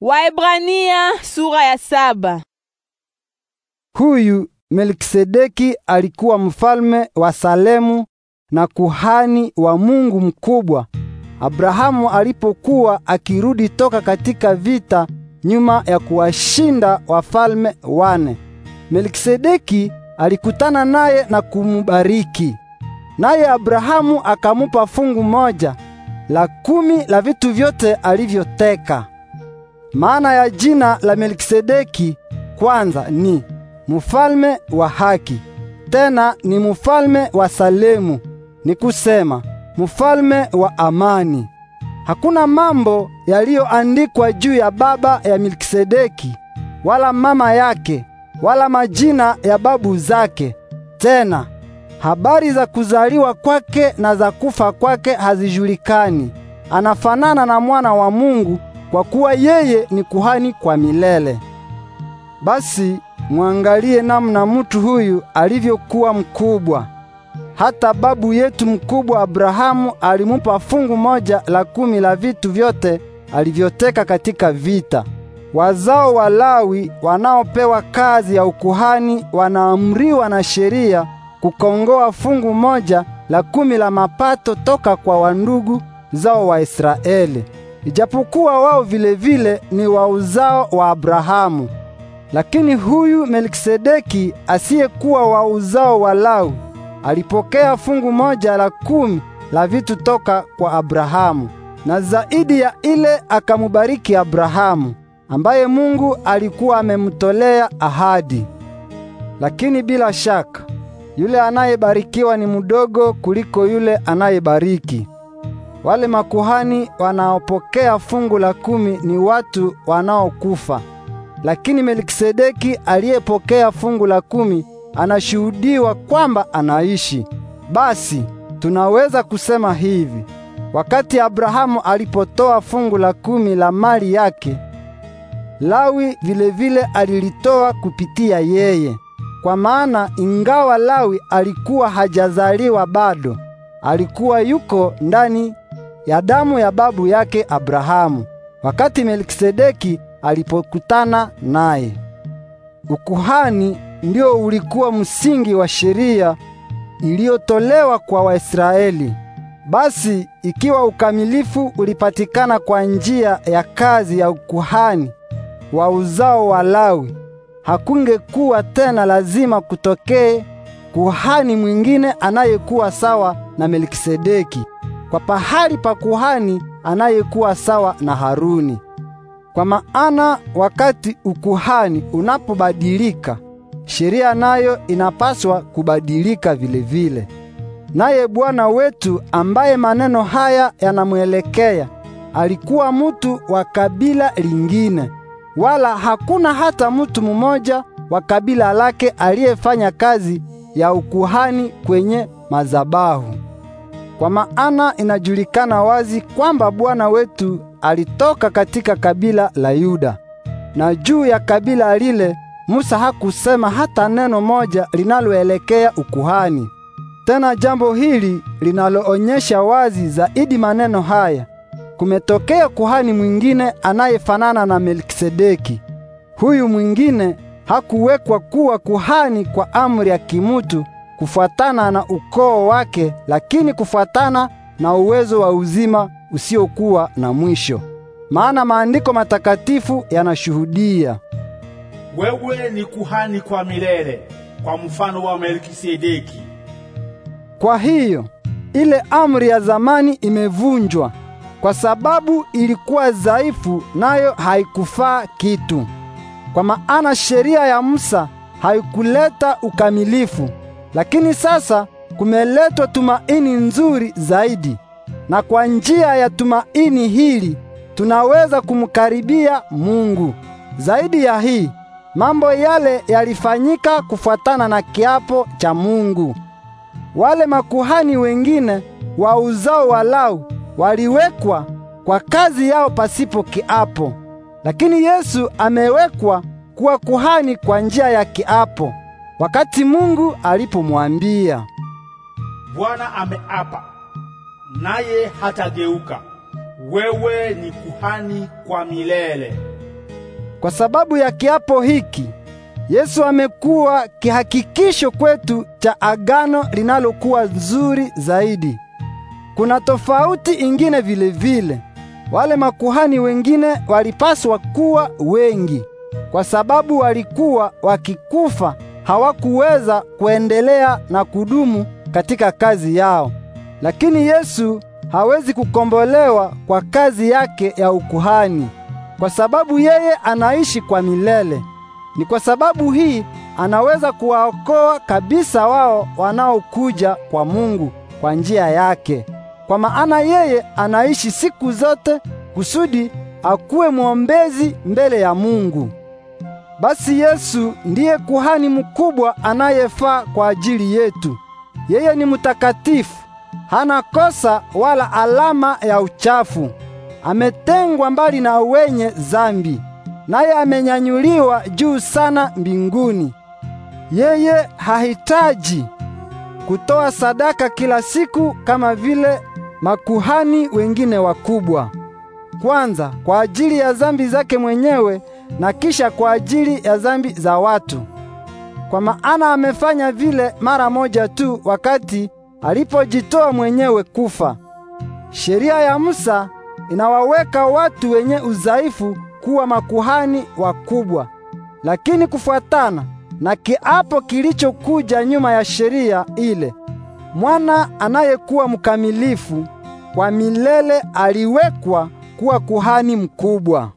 Waebrania sura ya saba. Huyu Melkisedeki alikuwa mfalme wa Salemu na kuhani wa Mungu mkubwa. Abrahamu alipokuwa akirudi toka katika vita nyuma ya kuwashinda wafalme wane, Melkisedeki alikutana naye na kumubariki. Naye Abrahamu akamupa fungu moja la kumi la vitu vyote alivyoteka. Maana ya jina la Melkisedeki kwanza ni mfalme wa haki, tena ni mfalme wa Salemu, ni kusema mfalme wa amani. Hakuna mambo yaliyoandikwa juu ya baba ya Melkisedeki wala mama yake wala majina ya babu zake. Tena habari za kuzaliwa kwake na za kufa kwake hazijulikani. Anafanana na mwana wa Mungu kwa kuwa yeye ni kuhani kwa milele. Basi mwangalie namna mtu huyu alivyokuwa mkubwa. Hata babu yetu mkubwa Abrahamu alimupa fungu moja la kumi la vitu vyote alivyoteka katika vita. Wazao wa Lawi wanaopewa kazi ya ukuhani wanaamriwa na sheria kukongoa fungu moja la kumi la mapato toka kwa wandugu zao wa Israeli ijapokuwa wao vilevile vile ni wa uzao wa Abrahamu. Lakini huyu Melkisedeki asiyekuwa wa uzao wa Lawi alipokea fungu moja la kumi la vitu toka kwa Abrahamu, na zaidi ya ile akamubariki Abrahamu ambaye Mungu alikuwa amemtolea ahadi. Lakini bila shaka yule anayebarikiwa ni mdogo kuliko yule anayebariki. Wale makuhani wanaopokea fungu la kumi ni watu wanaokufa, lakini Melikisedeki aliyepokea fungu la kumi anashuhudiwa kwamba anaishi. Basi tunaweza kusema hivi: wakati Abrahamu alipotoa fungu la kumi la mali yake, Lawi vilevile vile alilitoa kupitia yeye, kwa maana ingawa Lawi alikuwa hajazaliwa bado, alikuwa yuko ndani ya damu ya babu yake Abrahamu wakati Melkisedeki alipokutana naye. Ukuhani ndio ulikuwa msingi wa sheria iliyotolewa kwa Waisraeli. Basi ikiwa ukamilifu ulipatikana kwa njia ya kazi ya ukuhani wa uzao wa Lawi, hakungekuwa tena lazima kutokee kuhani mwingine anayekuwa sawa na Melkisedeki kwa pahali pa kuhani anayekuwa sawa na Haruni. Kwa maana wakati ukuhani unapobadilika, sheria nayo inapaswa kubadilika vilevile vile. Naye Bwana wetu ambaye maneno haya yanamwelekea alikuwa mutu wa kabila lingine, wala hakuna hata mutu mmoja wa kabila lake aliyefanya kazi ya ukuhani kwenye mazabahu. Kwa maana inajulikana wazi kwamba Bwana wetu alitoka katika kabila la Yuda, na juu ya kabila lile Musa hakusema hata neno moja linaloelekea ukuhani. Tena jambo hili linaloonyesha wazi zaidi maneno haya, kumetokea kuhani mwingine anayefanana na Melkisedeki. Huyu mwingine hakuwekwa kuwa kuhani kwa amri ya kimutu kufuatana na ukoo wake, lakini kufuatana na uwezo wa uzima usiokuwa na mwisho. Maana maandiko matakatifu yanashuhudia, wewe ni kuhani kwa milele, kwa mfano wa Melkisedeki. Kwa hiyo ile amri ya zamani imevunjwa kwa sababu ilikuwa dhaifu, nayo haikufaa kitu, kwa maana sheria ya Musa haikuleta ukamilifu, lakini sasa kumeletwa tumaini nzuri zaidi, na kwa njia ya tumaini hili tunaweza kumkaribia Mungu. Zaidi ya hii, mambo yale yalifanyika kufuatana na kiapo cha Mungu. Wale makuhani wengine wa uzao wa Lawi waliwekwa kwa kazi yao pasipo kiapo, lakini Yesu amewekwa kuwa kuhani kwa njia ya kiapo. Wakati Mungu alipomwambia, Bwana ameapa naye hatageuka, wewe ni kuhani kwa milele. Kwa sababu ya kiapo hiki, Yesu amekuwa kihakikisho kwetu cha agano linalokuwa nzuri zaidi. Kuna tofauti ingine vile vile. Wale makuhani wengine walipaswa kuwa wengi kwa sababu walikuwa wakikufa hawakuweza kuendelea na kudumu katika kazi yao. Lakini Yesu hawezi kukombolewa kwa kazi yake ya ukuhani, kwa sababu yeye anaishi kwa milele. Ni kwa sababu hii anaweza kuwaokoa kabisa wao wanaokuja kwa Mungu kwa njia yake, kwa maana yeye anaishi siku zote kusudi akuwe mwombezi mbele ya Mungu. Basi Yesu ndiye kuhani mkubwa anayefaa kwa ajili yetu. Yeye ni mtakatifu, hana kosa wala alama ya uchafu. Ametengwa mbali na wenye zambi, naye amenyanyuliwa juu sana mbinguni. Yeye hahitaji kutoa sadaka kila siku kama vile makuhani wengine wakubwa. Kwanza kwa ajili ya zambi zake mwenyewe na kisha kwa ajili ya dhambi za watu, kwa maana amefanya vile mara moja tu wakati alipojitoa mwenyewe kufa. Sheria ya Musa inawaweka watu wenye udhaifu kuwa makuhani wakubwa, lakini kufuatana na kiapo kilichokuja nyuma ya sheria ile, mwana anayekuwa mkamilifu kwa milele aliwekwa kuwa kuhani mkubwa.